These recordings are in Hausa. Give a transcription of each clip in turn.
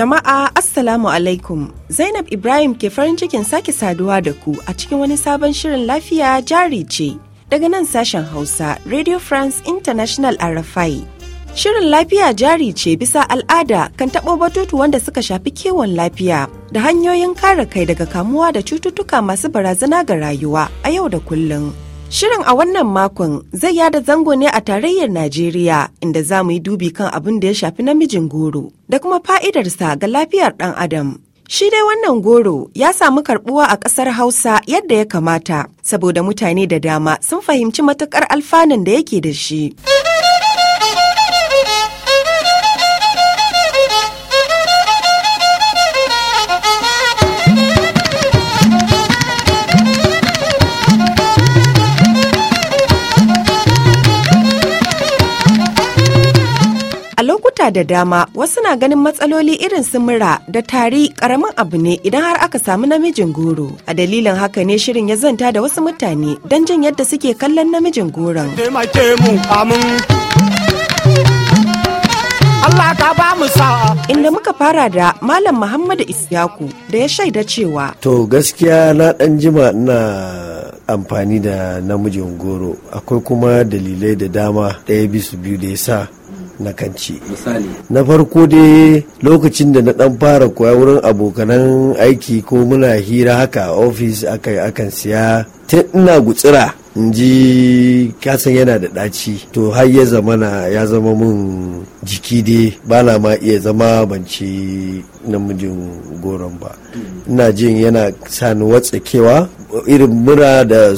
Jama'a Assalamu alaikum Zainab Ibrahim ke farin cikin sake saduwa da ku a cikin wani sabon shirin lafiya jari ce daga nan sashen Hausa Radio France International RFI. Shirin lafiya jari ce bisa al'ada kan taɓo batutu wanda suka shafi kiwon lafiya da hanyoyin kare kai daga kamuwa da cututtuka masu barazana ga rayuwa a yau da kullum. Shirin a wannan makon zai yada zango ne a tarayyar Najeriya inda za mu yi dubi kan abin da ya shafi namijin goro da kuma fa'idarsa ga lafiyar ɗan adam. Shi dai wannan goro ya samu karɓuwa a ƙasar Hausa yadda ya kamata, saboda mutane da dama sun fahimci matuƙar alfanun da yake da shi. da dama wasu na ganin matsaloli irin su mura da tari karamin abu ne idan har aka samu namijin goro. A dalilin haka ne shirin ya zanta da wasu mutane don jin yadda suke kallon namijin goron. Inda muka fara da Malam Muhammadu Isyaku da ya shaida cewa. To gaskiya na ɗan jima na amfani da namijin goro akwai kuma dalilai da dama ɗaya bisu biyu da ya sa na kanci na farko dai lokacin da na dan fara koya wurin abokanan aiki ko muna hira haka a ofis akan siya ta ina gutsira in ji kasan yana da ɗaci to har ya zamana ya zama mun jiki dai ba na ma iya zama banci namijin goron ba ina jin yana sani watsakewa irin mura da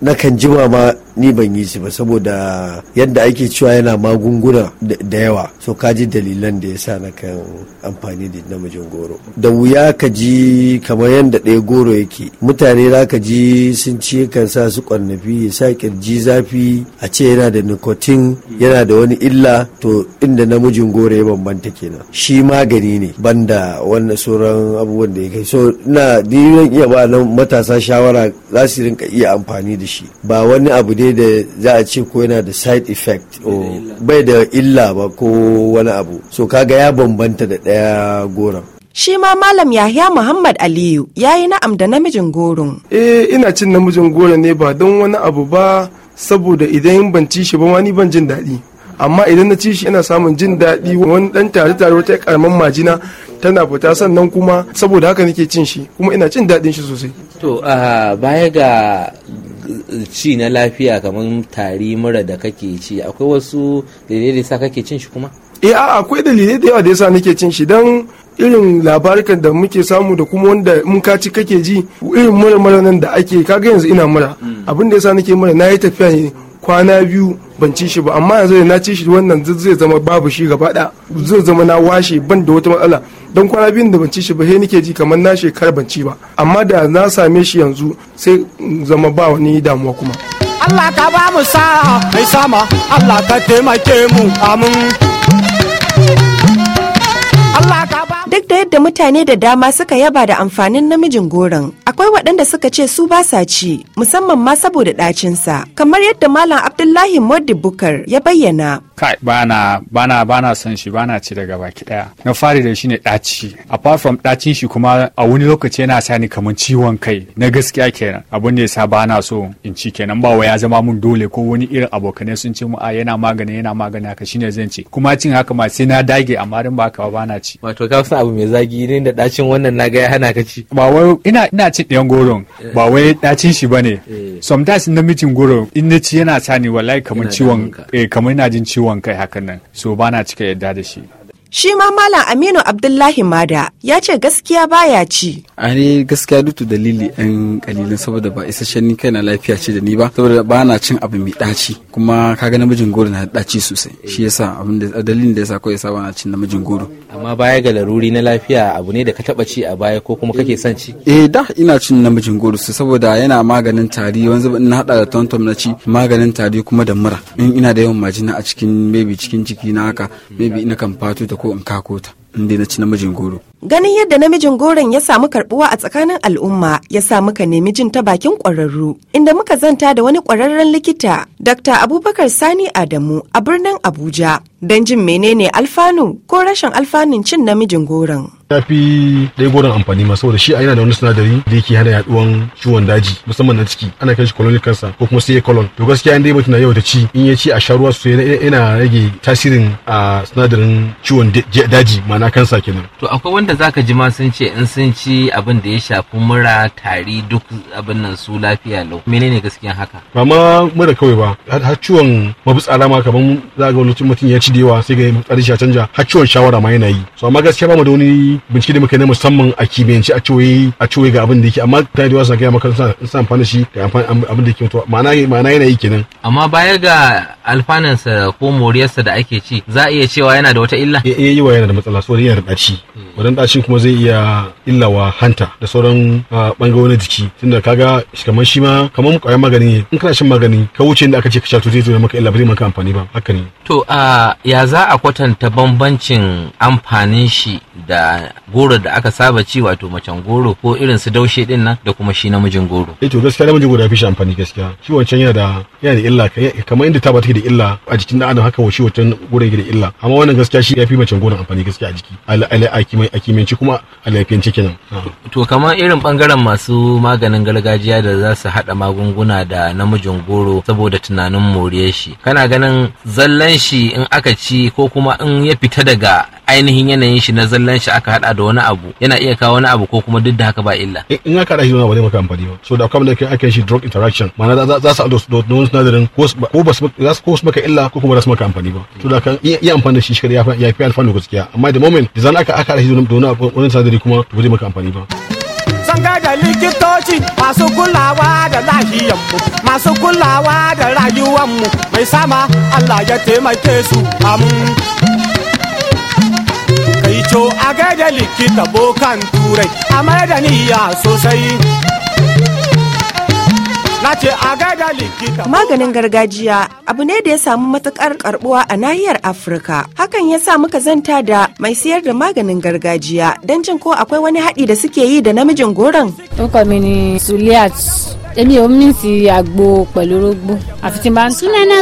na kan jima ma ni ban yi shi ba saboda yadda ake cewa yana magunguna da yawa so ka ji dalilan da ya sa na kan amfani da namijin goro da wuya ka ji kamar yadda ɗaya goro yake mutane za ka ji sun ci kan sa su kwannafi ya sa kirji zafi a ce yana da nicotine yana da wani illa to inda namijin goro ya bambanta kenan shi magani ne banda wannan sauran abubuwan da ya kai so na ni iya ba matasa shawara za su rinka iya amfani da shi ba wani abu dai da za a ce ko yana da side effect bai da illa ba ko wani abu so kaga ya bambanta da ɗaya goron shi ma malam yahya muhammad aliyu ya yi na'am da namijin goron eh ina cin namijin goron ne ba don wani abu ba saboda idan ban ci shi ba wani ban jin daɗi amma idan na ci shi ina samun jin daɗi wani ɗan tare tare wata karamin majina tana fita sannan kuma saboda haka nake cin shi kuma ina cin daɗin shi sosai to baya ga ci na lafiya kamar tari mura da kake ci akwai wasu dalilai da sa kake cin shi kuma eh a akwai dalilai da yawa da yasa nake cin shi dan irin labarikan da muke samu da kuma wanda mun kaci kake ji irin mura mura nan da ake kaga yanzu ina mura mm. abin da yasa nake mura na yi tafiya ne kwana biyu ban ci shi ba amma yanzu da na ci shi wannan zai zama babu shi gaba da zai zama na washe ban da wata matsala don kwana biyun da ban ci shi ba sai nake ji kamar na shekar ban ci ba amma da na same shi yanzu sai zama ba wani damuwa kuma Allah ka ba mu sa'a mai sama Allah ka taimake mu amin Allah ka ba duk da yadda mutane da dama suka yaba da amfanin namijin goron akwai waɗanda suka ce su ba sa ci musamman ma saboda ɗacinsa kamar yadda malam abdullahi modi bukar ya bayyana kai bana bana bana son shi bana ci daga baki daya na fari da shi ne ɗaci apart from ɗacin shi kuma a wani lokaci yana sa ni kamar ciwon kai na gaskiya kenan abin da yasa bana so in ci kenan ba wa ya zama mun dole ko wani irin abokanai sun ce mu a yana magani yana magani haka shine zan ci kuma cin haka ma sai na dage amma din ba haka ba na ci wato ka abu mai zagi ne da dacin wannan na gaya ya hana ka ci ba wai ina ina cin ɗayan goron eh. ba wai dacin shi ba ne. Eh. sometimes in mijin goro in na ci yana sani wallahi kamar ciwon eh, kamar ina jin ciwon kai hakan nan so na cika yadda da shi Shi ma Malam Aminu Abdullahi Mada ya ce gaskiya baya ci. A ne gaskiya dutu dalili ɗan kalilin saboda ba isasshen ni kaina lafiya ce da ni ba saboda ba na cin abu mai ɗaci kuma kaga namijin goro na ɗaci sosai shi yasa abin da dalilin da yasa kawai yasa ba na cin namijin goro. Amma baya ga laruri na lafiya abu ne da ka taɓa ci a baya ko kuma kake son ci? Eh da ina cin namijin goro sosai saboda yana maganin tari wanzu ina hada haɗa da tontom na ci maganin tari kuma da mura in ina da yawan majina a cikin maybe cikin ciki na haka maybe ina kan fato da ko in kako ta In dai na ci namijin goro. Ganin yadda namijin goron ya samu karbuwa a tsakanin al'umma ya sa muka nemi jin ta bakin ƙwararru inda muka zanta da wani ƙwararren likita Dr. Abubakar Sani Adamu a birnin Abuja don jin menene alfanu ko rashin alfanun cin namijin goron. ya fi ɗaya goron amfani ma saboda shi a yana da wani sinadari da yake hana yaduwan ciwon daji musamman na ciki ana kai shi colonic cancer ko kuma sai colon to gaskiya inda mutum na yau da ci in ya ci a sha ruwa sosai yana rage tasirin a sinadarin ciwon daji ma'ana kansa kenan to akwai wanda zaka ji ma sun ce in sun ci abin da ya shafi mura tari duk abin nan su lafiya lau menene gaskiyan haka ba ma mura kawai ba har ciwon mafitsara ma kamar za ga wani mutum ya ci da yawa sai ga tsarin a canja har ciwon shawara ma yana yi so amma gaskiya ba mu da wani bincike da muka yi na musamman a kimiyyance a cewaye eh, a cewaye ga abin da yake amma ta da wasu ga maka sun amfani shi ga abin da yake mutuwa ma'ana ma'ana yana yi kenan amma baya ga alfanansa ko moriyarsa da ake ci za a iya cewa yana da wata illa eh eh yana da matsala saboda yana da daci hmm. wannan dacin kuma zai iya illawa hanta da sauran bangarorin jiki tunda kaga kamar shi ma kamar kwayar magani in kana shan magani ka wuce inda aka ce ka sha to zai zo maka illa ba zai maka amfani ba haka ne to a ya za a kwatanta bambancin amfanin shi da goro da aka saba ci wato macen goro ko irin su daushe din nan da kuma shi namijin goro eh to gaskiya namijin goro ya fi shi amfani gaskiya shi wancan yana da yana da illa kamar inda taba take da illa a jikin dan adam haka shi wancan goro yake da illa amma wannan gaskiya shi yafi macen goro amfani gaskiya a jiki a kimanci kuma a lafiyance kenan ah. to kamar irin bangaren masu maganin gargajiya da za su hada magunguna da namijin goro saboda tunanin moriyar shi kana ganin zallan shi in aka lokaci ko kuma in ya fita daga ainihin yanayin shi na zallan shi aka hada da wani abu yana iya kawo wani abu ko kuma duk da haka ba illa eh, in aka hada shi wani abu ne maka amfani ba so da kuma da ake shi drug interaction ma'ana za su da wani sinadarin ko ba su ko su maka illa ko kuma ba su maka amfani ba to da kan iya amfani da shi shi ya fi alfanu gaskiya amma da moment da zan aka aka hada shi da wani abu wani sinadari kuma ba zai maka amfani ba. Zan da likitoci masu kulawa da lahiyanmu, masu kulawa da mu mai sama Allah ya taimake su amu Kai co a gaida likita bokan turai, a da niyya sosai. nace a likita maganin gargajiya abu ne da ya samu matukar karbuwa a nahiyar afirka hakan ya sa muka zanta da mai siyar da maganin gargajiya don jin ko akwai wani haɗi da suke yi da namijin goron n sunana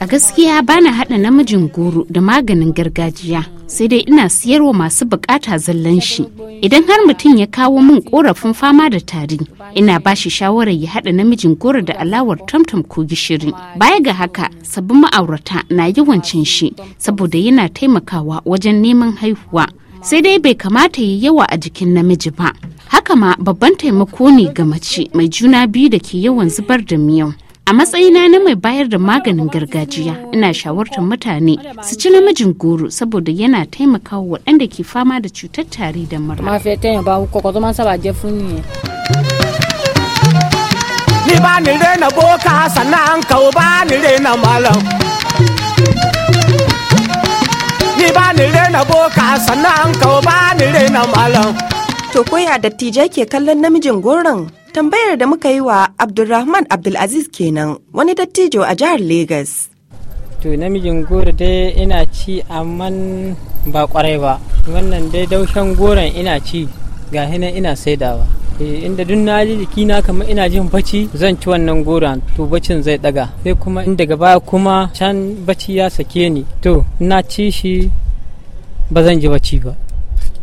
a gaskiya bana hada namijin goro da maganin gargajiya sai dai ina siyarwa masu bukata zallan shi idan har mutum ya kawo min korafin fama da tari ina ba shi shawarar ya haɗa namijin goro da alawar tamtam ko gishiri baya ga haka sabbin ma'aurata na yawan cin shi saboda yana taimakawa wajen neman haihuwa sai dai bai kamata ya yawa a jikin namiji ba haka ma babban taimako ne ga mace mai juna biyu da ke yawan zubar da miyau A matsayina na mai bayar da maganin gargajiya ina shawartar mutane su ci namijin goro saboda yana taimakawa waɗanda ke fama da cutar tari da mura. Ni ba ni rena boka sannan kau ba ni rena malam. Ni ba ni rena boka sannan kau ba ni rena malam. To koya dattijai ke kallon namijin goron? Tambayar da muka yi wa Abdulrahman Abdulaziz kenan wani dattijo a jihar Legas. To namijin goro dai ina ci amma ba kwarai ba. Wannan dai daushen goron ina ci ga hina ina saidawa. Eh, inda duk na ji jikina kamar ina jin bacci zan ci wannan goron to baccin zai daga sai kuma in daga kuma can bacci ya sake ni to na ci shi ba zan ji bacci ba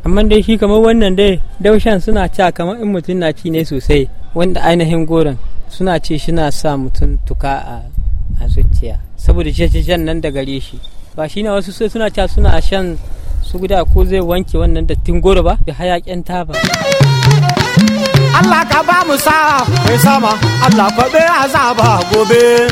amma dai shi kamar wannan dai daushan suna ci kamar in mutum na ci ne sosai wanda ainihin goron suna ce na sa mutum tuka a zuciya saboda shan nan da gare shi ba shi na wasu sai suna ca suna shan su guda ko zai wanke wannan dattin goro ba da ta taba Allah ka ba mu sa mai sama Allah ba azaba gobe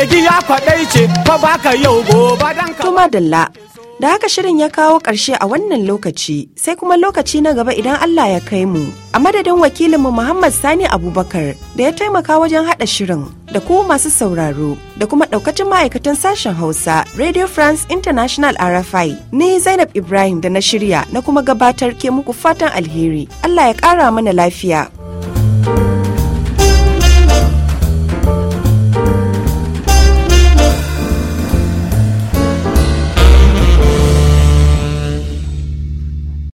ya kwaɗai ce fa baka yau gobe dan ka. Tuma Dalla, da haka shirin ya kawo ƙarshe a wannan lokaci sai kuma lokaci na gaba idan Allah ya kai mu. A madadin wakilinmu Muhammad Sani Abubakar da ya taimaka wajen haɗa shirin da kuma masu sauraro da kuma ɗaukacin ma'aikatan sashen Hausa Radio France International RFI ni Zainab Ibrahim da na shirya na kuma gabatar ke muku fatan alheri. Allah ya ƙara mana lafiya.